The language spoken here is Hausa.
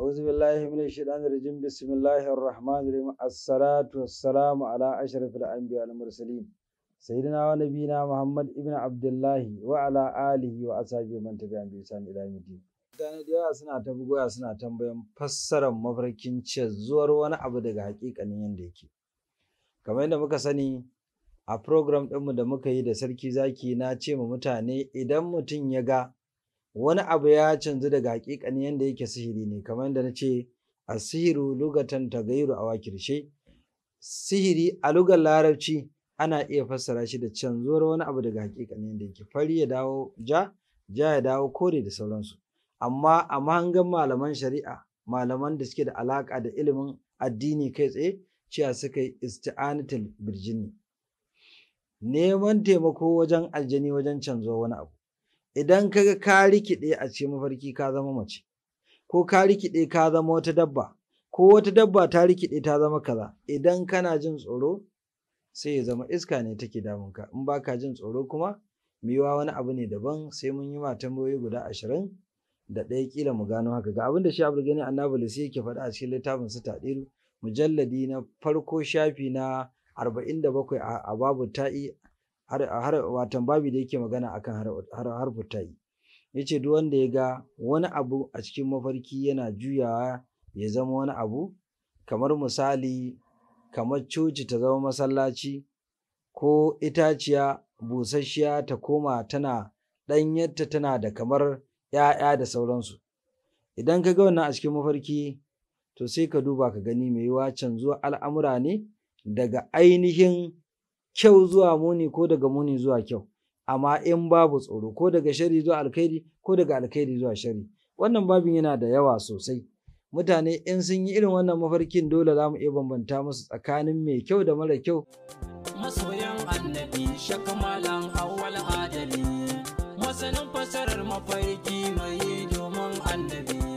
أعوذ بالله من الشيطان الرجيم بسم الله الرحمن الرحيم الصلاة والسلام على أشرف الأنبياء والمرسلين سيدنا ونبينا محمد ابن عبد الله وعلى آله وأصحابه من تبعهم بإحسان إلى يوم الدين mutane da yawa suna ta bugoya suna tambayan fassarar mafarkin zuwar wani abu daga hakikanin yadda yake kamar yadda muka sani a program ɗinmu da muka yi da sarki zaki na ce ma mutane idan mutum ya ga wani abu ya canzu daga hakikanin yadda yake sihiri ne kamar da na ce a sihiru lugatan gairu a wakirshe sihiri a lugar larabci ana iya fassara shi da canzuwar wani abu daga hakikanin yadda yake fari ya dawo ja ja ya dawo kore da sauransu amma a mahangan malaman shari'a malaman da suke da alaka da ilimin addini kai tsaye cewa suka yi isti'anatul birjini neman taimako wajen aljani wajen canzuwa wani abu idan ka ga ka rikide a cikin mafarki ka zama mace ko ka rikide ka zama wata dabba ko wata dabba ta rikide ta zama kaza idan kana jin tsoro sai ya zama iska ne take damunka in ba ka jin tsoro kuma miwa wani abu ne daban sai mun yi ma tambayoyi guda ashirin da ɗaya kila mu gano haka ga abin da shi abu gani sai yake faɗa a cikin littafin su taɗiru mujalladi na farko shafi na arba'in da bakwai a babu ta'i har watan babi da yake magana akan harfu ta'i yace duk wanda ya ga wani abu a cikin mafarki yana juyawa ya zama wani abu kamar misali kamar coci ta zama masallaci ko itaciya busasshiya ta koma tana ɗanyarta tana da kamar ‘ya'ya da sauransu idan ka ga wannan a cikin mafarki to sai ka duba ka gani mai yiwa canzuwa al'amura ne daga ainihin kyau zuwa muni ko daga muni zuwa kyau amma in babu tsoro ko daga shari zuwa alkhairi ko daga alkhairi zuwa shari wannan babin yana da yawa sosai mutane in sun yi irin wannan mafarkin dole za mu iya bambanta musu tsakanin mai kyau da mara kyau masoyan annabi awwal adali mafarki mai domin annabi